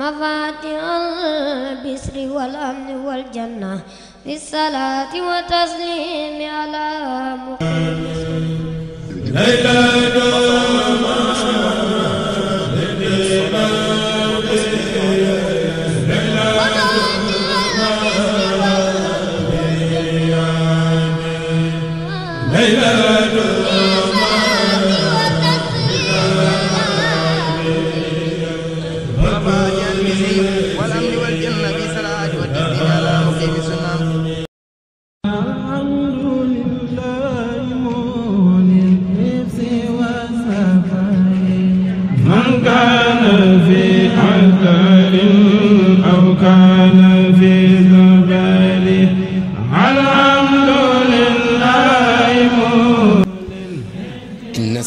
مفاتح البسر والأمن والجنة في الصلاة والتسليم على محمد jéggi sunu maam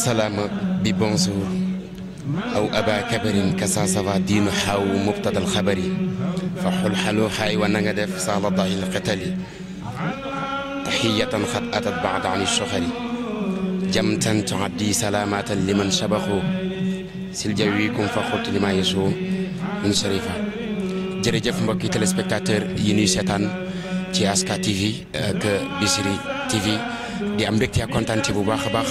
salaama bi bonjour aw aba kabarin kasa sawa diinu xaw mubtadal xabari faxul xaluxaay wa na nga def saala dahil xitali taxiyatan xat atat baada an soxari jamtan tuaddi salaamatan liman sabaxu sil jawikum fa xut li maa yesu mun sharifa jërëjëf mbokki téléspectateur yi nuy seetaan ci Aska TV ak Bichri TV di am mbégte ak kontaan bu baax a baax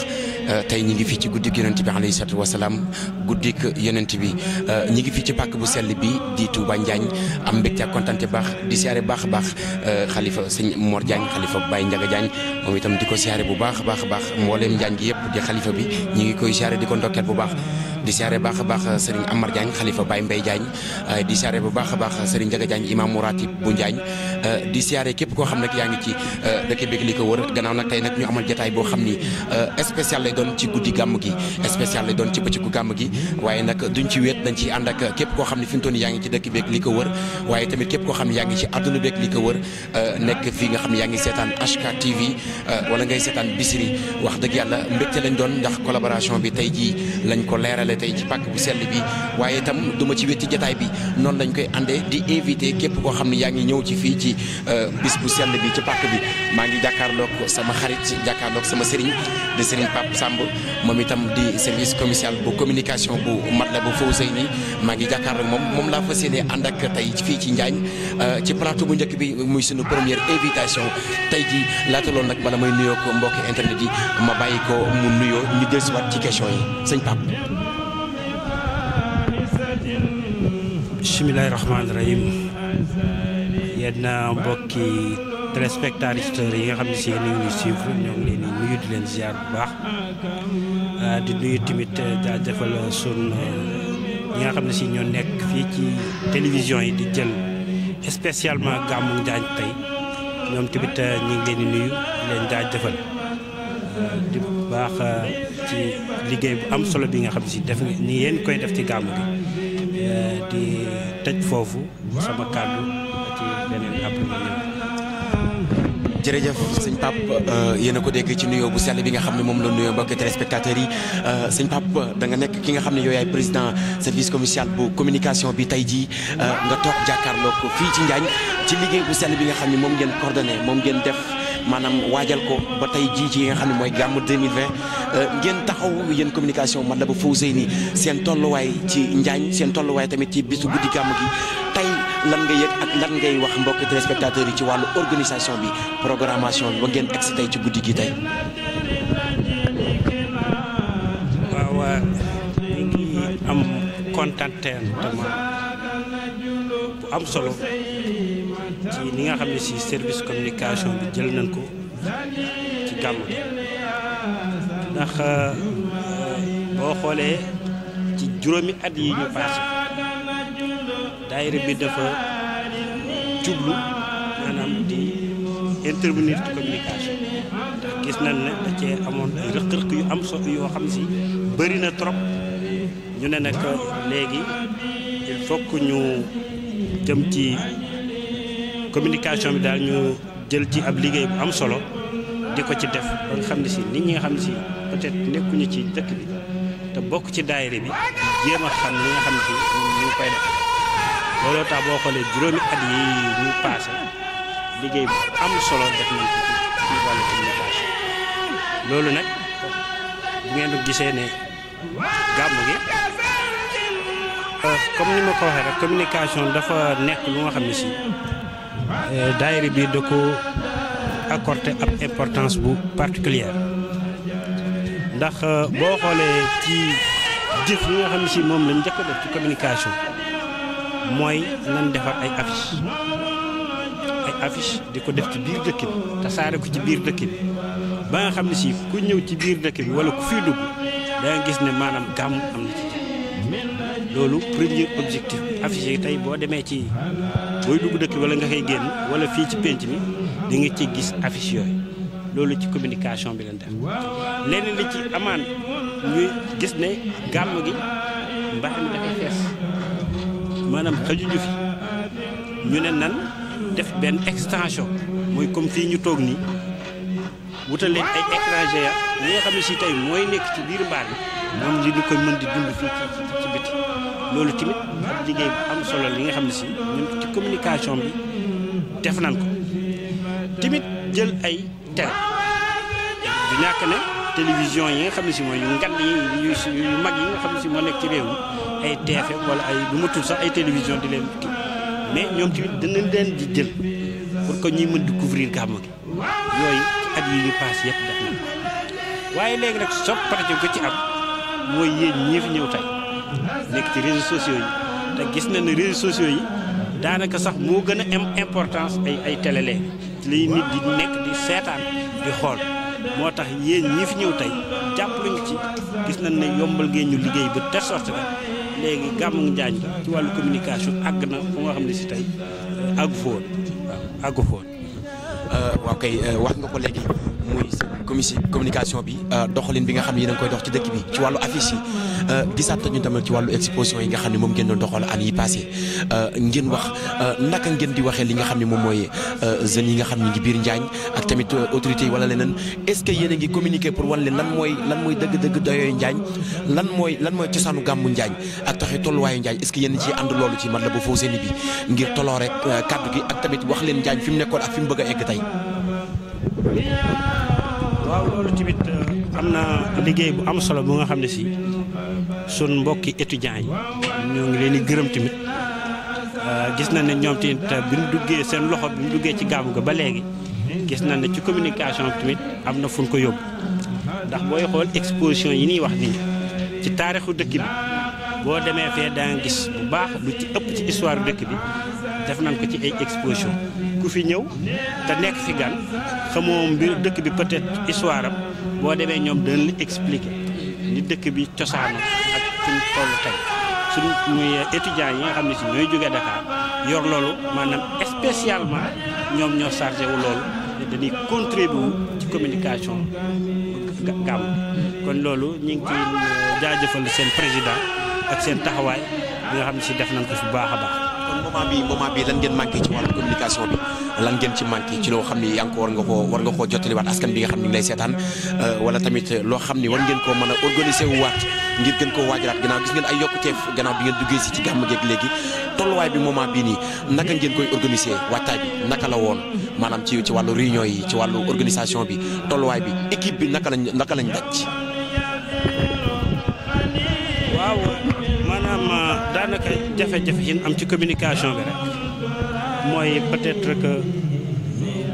Euh, tey ñi ngi fii ci guddik yonent bi alayhi salaatu wasalaam guddik yonent bi euh, ñi ngi fii ci pàkk bu sell bi di ba Njaañ am mbégte ak kontante baax di siyaare baax a baax euh, xalifa sëñ Mor Diagne xalifa Baye Ndiaga Diagne moom itam di ko siyaare bu baax a baax a baax mbooleem Njaañ gi yëpp di xalifa bi ñi ngi koy siyaare di ko ndokkeel bu baax di siyaare baax a baax sëriñ Amar Diagne xalifa Baye Mbaye Diagne euh, di siyaare bu baax a baax sëriñ Njaga Diagne bu Diagne euh, di képp koo xam ne yaa ngi ci euh, dëkk beeg li ko wër gannaaw nag tey nag boo xam ni spécial lay doon ci guddi gàmm gi spécial lay doon ci ak képp koo xam ne fi mu ngi ci dëkk beeg li ko wër waaye tamit képp koo xam ne yaa ngi ci àdduna beeg li ko wër nekk fii nga xam ne yaa ngi seetaan HK TV wala ngay seetaan Bichri wax dëgg yàlla mbégte lañ doon ndax collaboration bi tey jii lañ ko leerale tey ci pàkk bu sell bi waaye itam duma ci wetti jataay bi noonu lañ koy àndee di invité képp koo xam ne yaa ngi ñëw ci fii ci euh, bis bu sell bi ci pàkk bi maa ngi jàkkaarloog sama xarit jàkkaarloog sama sëriñ di sëriñ Pape Samb moom itam di service commercial bu communication bu Matlaboul Fawzayni maa ngi jàkkaarloog moom moom laa fas yéene ànd ak tey fii ci Njaañ euh, ci plateau bu njëkk bi muy sunu première invitation tey ji laata loolu nag bala may nuyoo ko mbokki internet yi ma bàyyi ko mu nuyoo ñu dellusiwaat ci question yi sëñ bisimilahi rahmaani rahim yenn mbokki téléspectateurs yi nga xam ne si ni ñuy suivre ñoo ngi leen di nuyu di leen ziar bu baax ah, di nuyu tamit daa eh, defal sun eh, ñi nga xam ne si ñoo nekk fii ci télévision yi di jël spécialement gàmmu Njaañ tey ñoom tamit eh, ngi leen di nuyu leen daa jëfal ah, di baax ci liggéey bu am solo bi nga xam ne si def ni yéen koy def ci gàmmu gi di tëj foofu sama kàddu ci beneen jërëjëf sëñ Pape euh, yéen a ko dégg ci nuyoo bu sell bi nga xam ne moom la nuyoo mbokki téléspectateurs yi euh, sëñ Pape da nekk ki nga xam ne yow président service commercial bu communication bi tey jii euh, nga toog jàkkaarloo ko fii ci Njaañ ci liggéey bu sell bi nga xam ne moom ngeen coordonné moom ngeen def. maanaam waajal ko ba tey jii ci nga xam ne mooy gàmm 2020 euh, ngeen taxaw yéen communication Matlaboul Fawzeyni seen tolluwaay ci Njaañ seen tolluwaay tamit ci bisu guddi gàmm gi tey lan nga yëg ak lan ngay wax mbokk téléspectateurs yi ci wàllu organisation bi programmation bi ba ngeen si tey ci guddi gi tey. waaw ñu ngi am contentement am solo ci li nga xam ne si service communication bi jël nañ ko ci gàmm ndax euh, boo xoolee ci juróomi at yi ñu paase daayira bi dafa jublu maanaam di intervenir communication ndax gis nañ ne da amoon ay rëq-rëq yu am solo yoo xam si bëri na trop ñu ne nag léegi il ñu. jëm ci communication bi daal ñu jël ci ab liggéey bu am solo di ko ci def ba nga xam ne si nit ñi nga xam ne si peut-être nekkuñu ci dëkk bi te bokk ci daayira bi jéem a xam li nga xam ne si ñu ngi koy def looloo tax boo xoolee juróomi at yi ñu paase liggéey bu am solo def nañ ko ci wàllu loolu nag bu ngeen gisee ne gàmm gi. comme ni ma ko waxee rek communication dafa nekk lu nga xam ne si eh, daayira bi da ko accordé ab importance bu particulière ndax eh, boo xoolee ci jëf li nga xam ne si moom lañ njëkk a ci communication mooy nañ defar ay affiche ay affiche di ko def ci biir dëkk bi tasaare ko ci biir dëkk bi ba nga xam ne si ku ñëw ci biir dëkk bi wala ku fiy dugg da gis ne maanaam gàmm am na ci loolu premier objectif affiché yi tey boo demee ci booy dugg dëkk wala nga koy génn wala fii ci pénc mi di nga ci gis affiche yooyu loolu ci communication bi lañ def leneen li ci amaan ñuy gis ne gàmm gi mbaax mi dafay fees maanaam xajuñu ñu ne nan def benn extension mooy comme fii ñu toog nii wutal leen ay étranger ya li tey mooy nekk ci biir mbaar bi moom li ñu koy mën di dund fii loolu tamit liggéey am solo li nga xam ne si ñun ci communication bi def nañ ko tamit jël ay télé du ñàkk ne télévision yi nga xam ne si mooy yu ngan yi mag yi nga xam ne si moo nekk ci réew mi ay TFM wala ay lu matul sax ay télévision di leen kii mais ñoom tamit danañ leen di jël pour ko ñuy mën di couvrir gàmmu gi yooyu ci at yi ñu paas yëpp def ko waaye léegi nag soppate ko ci am mooy yéen ñii fi ñëw tey nekk ci réseaux sociaux yi te gis na ni réseaux sociaux yi daanaka sax moo gën a am importance ay ay télé léegi nit di nekk di seetaan di xool moo tax yéen ñi fi ñëw tey jàpp lañu ci gis nañ ne yombal ngeen ñu liggéey ba telle sorte que léegi gàmmu njaañ bi ci wàllu communication àgg na fu nga xam ne si tey àggu foon waaw àggu foon. Euh, waaw euh, wax nga ko léegi muy. commission communication bi euh, doxalin bi nga xam ne yéen a ngi koy dox ci dëkk bi ci wàllu affiche yi euh, gisaat ñu tamit ci wàllu exposition yi nga xam ne moom ngeen doon doxal an yi passé euh, ngeen wax naka ngeen di waxee li nga xam ne moom mooy jeunes yi nga xam ne ngi biir Njaañ ak tamit autorités yi wala leneen est-ce que yéen a ngi communiqué pour wan leen lan mooy lan mooy dëgg-dëgg doyooyu Njaañ lan mooy lan mooy cosaanu gàmmu Njaañ ak taxi tolluwaayu Njaañ est-ce que yéen ci ànd loolu ci man la bu foo seeni bi ngir wax leen Njaañ fi mu nekkoon ak mu bëgg a egg tey waaw loolu tamit euh, am na liggéey bu am solo bu nga xam ne si sun mbokki étudiants yi ñoo ngi leen di gërëm tamit euh, gis na ne ñoom tamit euh, bi mu duggee seen loxo bi ñu duggee ci gàmmu ga ba léegi gis nañ ne ci communication tamit am na fu ko yóbbu ndax booy xool exposition yi ñuy wax nii ci taarixu dëkk bi boo demee fee danga gis bu baax lu ci ëpp ci histoire dëkk bi def nañ ko ci ay exposition ku fi ñëw te nekk fi gan xamoo mbir dëkk bi peut-être histoire am boo demee ñoom dañ la expliquer ni dëkk bi cosaanu ak suñ tollu tey suñ muy étudiants yi nga xam ne si ñooy jógee Dakar yor loolu maanaam espécialement ñoom ñoo chargé wu loolu dañuy contribuer ci communication gàmm kon loolu ñu ngi ciy jaajëfal seen président ak seen taxawaay bi nga xam ne si def nañ ko fi baax a baax. moment bi moment bi lan ngeen manqué ci wàllu communication bi lan ngeen ci manqué ci loo xam ni yaa ngi ko war nga ko war nga koo jottaliwaat askan bi nga xam ni ngi lay seetaan euh, wala tamit loo xam ni war ngeen koo mën a organiser wu waat ngir gën koo waajalaat gannaaw gis ngeen ay yokkuteef gannaaw bi ngeen duggee si ci gàmm geeg léegi tolluwaay bi moment bii nii naka ngeen koy organiser waajtaay bi naka la woon maanaam ci ci wàllu réunion yi ci wàllu organisation bi tolluwaay bi équipe bi naka lañ naka lañ daj daanaka jafe-jafe am ci communication bi rek mooy peut-être que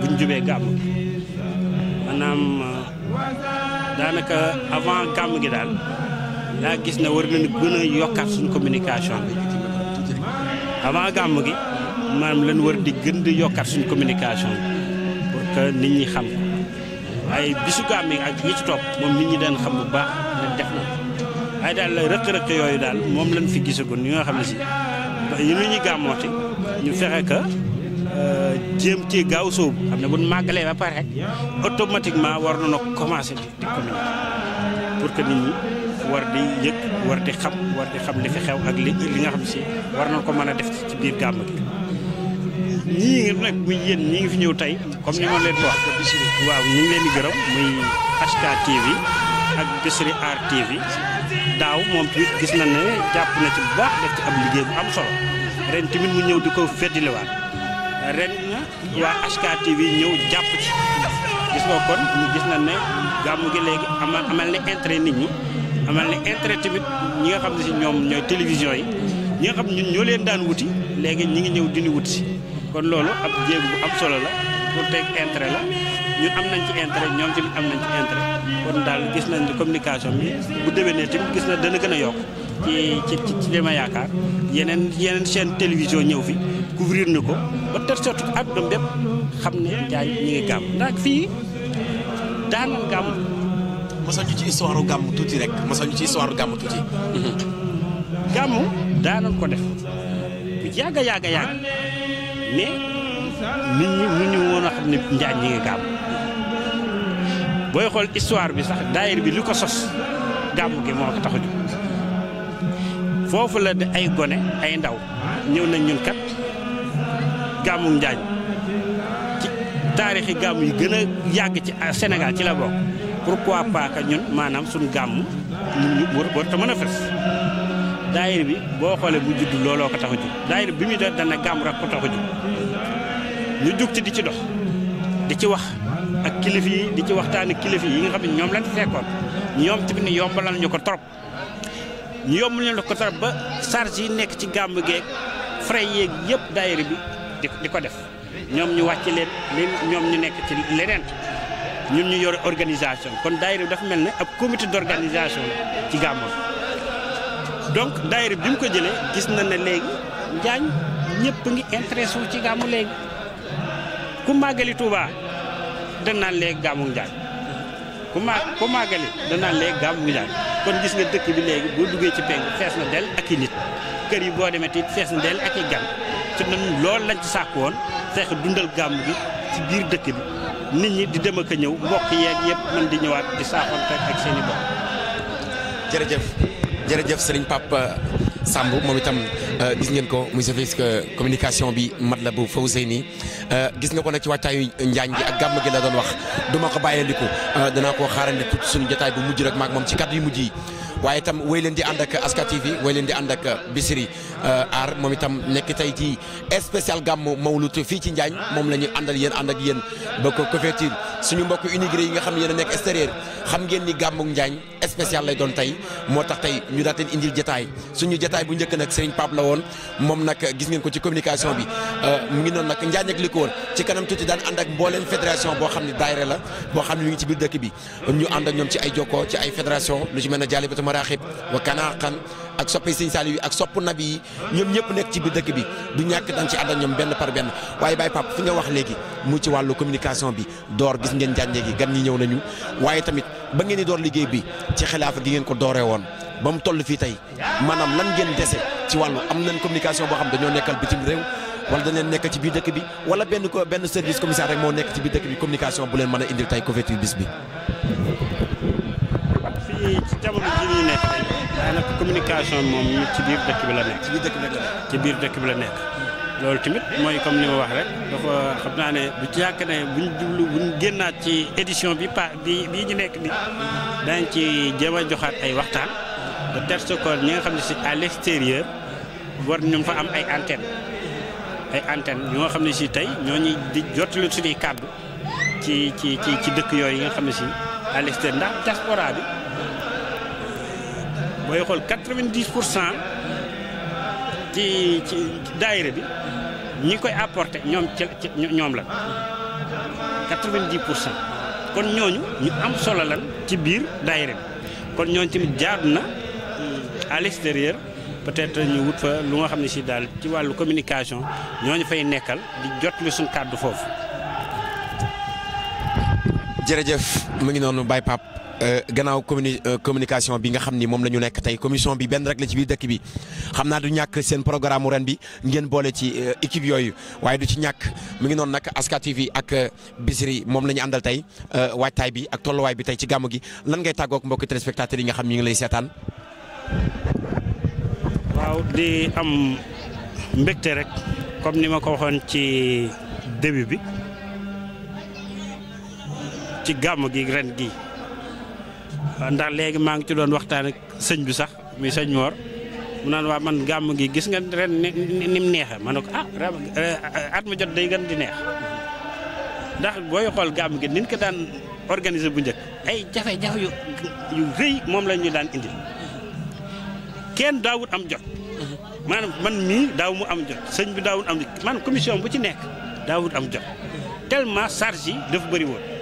buñ jubee gàmm maanaam euh, daanaka avant gàmm gi daal laa gis na war nañu gën a yokkaat suñu communication bi avant gàmm gi maanaam lañ war di gën di yokkaat suñu communication pour que nit ñi xam ko waaye bisu gàmm gi ak ñi ci topp moom nit ñi daan xam bu baax waaye daal rëq-rëq yooyu daal moom lañ fi gisagun yi nga xam ne si yi nu ñuy gàmmooti ñu fexe ka euh, jéem ci gaaw sóobu xam ne bu ñu màggalee ba pare automatiquement war nañoo commencé di communiquer pour que nit ñi war di yëg war di xam war xam li xew ak li li nga xam si war nañ ko mën a def ci biir gàmm gi ñii ngi nag muy yéen ñi ngi fi ñëw tey comme ni ma leen ko waaw ñu leen di gërëm muy HK TV ak Bichri Art TV daaw moom tamit gis na ne jàpp na ci bu baax def ci ab liggéey bu am solo ren tamit mu ñëw di ko feddiliwaat ren waa HK TV ñëw jàpp ci gis nga kon ñu gis na ne gàmmu gi léegi amal amal na intérêt nit ñi amal na intérêt tamit ñi nga xam ne si ñoom ñooy télévision yi ñi nga xam ñun ñoo leen daan wuti léegi ñi ngi ñëw dindi wut si kon loolu ab jéego bu am solo la pour teg intérêt la ñun am nañ ci intérêt ñoom tamit am nañ ci intérêt kon daal gis nañ ne communication bi bu déwénee tamit gis na dana gën a yokk ci ci ci li ma yaakaar yeneen yeneen chaîne télévision ñëw fi couvrir na ko ba telle sorte que àdduna xam ne jaay ñi ngi gàmm ndax fii daan nañ gàmm. ci histoire gàmm tuuti rek mosal ñu ci histoire gàmm tuuti. Mhm. gàmm ko def bu yàgg a yàgg a yàgg mais nit ñi nit ñi woon a xam ne njaay ñi ngi gàmm. booy xool histoire bi sax daayir bi lu ko sos gàmmu gi moo ko tax a foofu la de ay gone ay ndaw ñëw nañ ñun kat gàmmu Njaañ ci taarixi gàmm yi gën a yàgg ci Sénégal ci la bokk pourquoi pas que ñun maanaam suñu gàmm ñu war te mën a fes daayir bi boo xoolee mu judd looloo ko tax a daayir bi mu doon dana gàmm ko tax a ñu jug ci di ci dox di ci wax. ak kilifa yi di ci waxtaan ak kilifa yi nga xam ne ñoom lañ fekkoon ñoom tamit ni yombalal ñu ko trop ñu yombal ñu ko trop ba charge yi nekk ci gàmmu geeg frais yeeg yëpp daayira bi di ko def ñoom ñu wàcc leen leen ñoom ñu nekk ci leneen ñun ñu yore organisation kon daayira bi dafa mel ne ab comité d'organisation la ci gàmmu donc daayira bi mu ko jëlee gis na ne léegi njaañ ñëpp ngi intéressé ci gàmmu léegi ku màggali Tuubaa danaan lee gàmmu Njaay ku ma ku màggali danaan lee gàmmu Njaay kon gis nga dëkk bi léegi boo duggee ci penk fees na del ak i nit kër yi boo demee it fees na del ak i gan ci lool lañ ci sàkk woon fexe dundal gàmmu gi ci biir dëkk bi nit ñi di dem ak a ñëw mbokk yeeg yëpp mën di ñëwaat di saaxoon ak seen i jërëjëf jërëjëf sëriñ Papa. Samb moom itam euh, gis ngeen ko muy service communication bi mat la Matlaboul Fawzeyni euh, gis nga ko nag ci wàccaayu njaañ gi ak gàmm gi la doon wax duma ko bàyyee liku euh, danaa koo xaarandi tuuti suñu jotaay bu mujj rek maak moom ci kàddu yu mujj yi waaye itam wéy leen di ànd ak Aska TV wéy leen di ànd ak Bichri euh, Art moom itam nekk tey ci spécial gàmmu Mawlud fii ci Njaañ moom la ñuy àndal yéen ànd ak yéen ba ko couverture suñu mbokk immigré yi nga xam ne yéen a nekk extérieur xam ngeen ni gàmmu Njaañ spécial lay doon tey moo tax tey ñu daal leen indil jotaay suñu jotaay bu njëkk nag Serigne Pape la woon moom nag gis ngeen ko ci communication bi euh, mu ngi noon nag Njaañ ak li ko wër ci kanam tuuti daan ànd ak mbooleem fédération boo xam ne daayira la boo xam ne ñu ngi dëkk bi ñu ànd ak ñoom ci ay jokkoo ci ay saadatu maraaxib wa kanaaxan ak soppi Sëñ Saaliw yi ak sopp nabi yi ñoom ñëpp nekk ci biir dëkk bi du ñàkk dañ ci ànd ak ñoom benn par benn waaye Baye Pape fi nga wax léegi mu ci wàllu communication bi door gis ngeen jànjee gi gan ñi ñëw nañu waaye tamit ba ngeen di door liggéey bi ci xilaafa gi ngeen ko dooree woon ba mu toll fii tey maanaam lan ngeen dese ci wàllu am nañ communication boo xam dañoo nekkal bitim réew wala dañ leen nekk ci biir dëkk bi wala benn ko moo nekk ci biir dëkk bi communication bu leen mën a indil tey couverture waaye nag communication moom ci biir dëkk bi la nekk. ci biir dëkk bi la dëkk bi la nekk. loolu tamit mooy comme ni ma wax rek dafa xam naa ne bu ci yàq ne buñ jublu buñ génnaat ci édition bi pa bi bii ñu nekk ni dañ ci jéem a joxaat ay waxtaan. de telle sorte ñi nga xam ne si à l'extérieur war ñu fa am ay antenne ay antenne ñoo xam ne si tey ñoo ñuy di si suñuy kàddu ci ci ci ci dëkk yooyu yi nga xam ne si à l'extérieur ndax diaspora bi. booy xool quatre vingt pour cent ci ci daayira bi ñi koy apporté ñoom ci ñoom la quatre vingt pour cent kon ñooñu ñu am solo lan ci biir daayira bi kon ñooñu tamit jaadu na euh, à l'extérieur peut-être ñu wut fa lu nga xam ne si daal ci wàllu communication ñooñu fay nekkal di jot li suñ kàddu foofu. jërëjëf mu ngi noonu Baye Pape Euh, gannaaw communi euh, communication bi nga xam ni moom la ñu nekk tey commission bi benn rek la ci biir dëkk bi xam naa du ñàkk seen programme ren bi ngeen boole ci euh, équipe yooyu waaye du ci ñàkk mu ngi noonu nag Aska TV ak Bichri moom la ñu àndal tey waajtaay bi ak tolluwaay bi tey ci gàmm gi lan ngay tàggoog mbokki téléspectateurs yi nga xam ñu ngi lay seetaan. waaw di am mbégte rek comme ni ma ko waxoon ci début bi ci gàmm gi ren gi ndax léegi maa ngi ci doon waxtaan ak sëñ bi sax muy sëñ Mor mu naan waa man gàmm ngi gis nga ren ni mu neexee ma ne ko ah at jot day gën di neex ndax booy xool gàmm gi nin ko daan organiser bu njëkk ay jafe-jafe yu yu moom la ñu daan indi kenn daawut am jot maanaam man mii daaw mu am jot sëñ bi daawut am man commission bu ci nekk daawut am jot tellement charge dafa bëri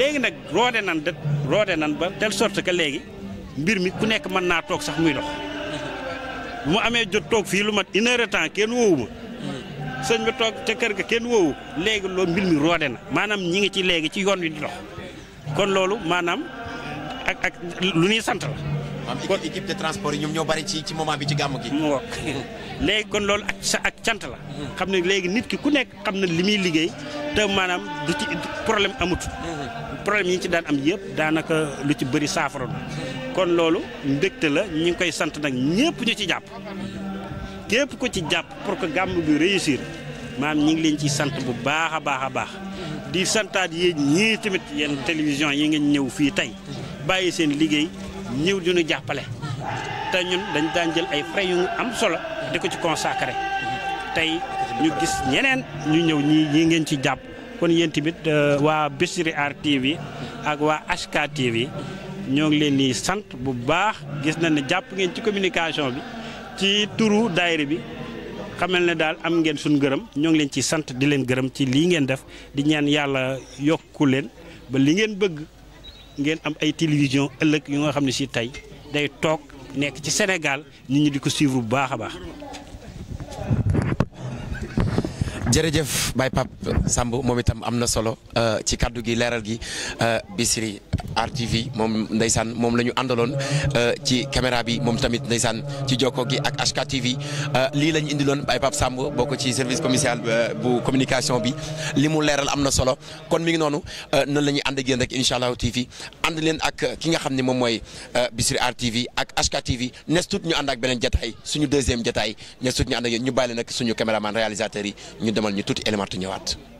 léegi nag roode nan da roode nan ba telle sorte que léegi mbir mi ku nekk mën naa toog sax muy dox mu amee jot toog fii lu mat une heure kenn woowu ma sëñ ba toog te kër ga kenn woowu léegi loolu mbir mi roode na maanaam ñi ngi ci léegi ci yoon wi di dox kon loolu maanaam ak ak lu ñuy sant la. kon équipe de transport yi ñoom ñoo bari ci ci moment bi ci gàmm gi. léegi kon loolu ak sa ak cant la. Mhm. xam ne léegi nit ki ku nekk xam na li muy liggéey te maanaam du ci problème amut. Mhm. problème yi ci daan am yëpp daanaka lu ci bëri saafara kon loolu mbégte la ñu ngi koy sant nag ñëpp ñu ci jàpp képp ko ci jàpp pour que gàmm bi réussir maam ñi ngi leen ciy sant bu baax a baax a baax di santaat yi ñii tamit yéen télévision yi ngeen ñëw fii tey bàyyi seen liggéey ñëw di jàppale. te ñun dañ daan jël ay frais yu am solo di ko ci consacré tey ñu gis ñeneen ñu ñëw ñii ñii ngeen ci jàpp. kon yéen tamit euh, waa Bichri Art TV ak waa HK TV ñoo ngi leen di sant bu baax gis na ne jàpp ngeen ci communication bi ci turu daayira bi xamal ne daal am ngeen suñu gërëm ñoo ngi leen ci sant di leen gërëm ci lii ngeen def di ñeen yàlla yokku leen ba li ngeen bëgg ngeen am ay télévision ëllëg yu nga xam ne si tey day toog nekk ci Sénégal nit ñi di ko suivre bu baax a baax. jërëjëf Baye Pape Samb moom itam am na solo euh, ci kaddu gi leeral gi euh, Bichri RTV moom ndeysaan moom la ñu àndaloon euh, ci caméra bi moom tamit ndeysaan ci jokko gi ak HKTV euh, lii lañu ñu indiloon Baye Pape Samb bokk ci service commercial euh, bu communication bi li mu leeral am na solo kon mi ngi noonu noonu la ñuy ànd ak yéen rek incha allahu TV ànd leen ak ki nga xam ne moom mooy Bichri RTV ak HKTV nes tuut ñu ànd ak beneen jataay suñu deuxième jataay nes tuut ñu ànd ak ñu bàyyi leen ak suñu caméraman réalisateur yi ñu demal ñu tuuti élément ñëwaat.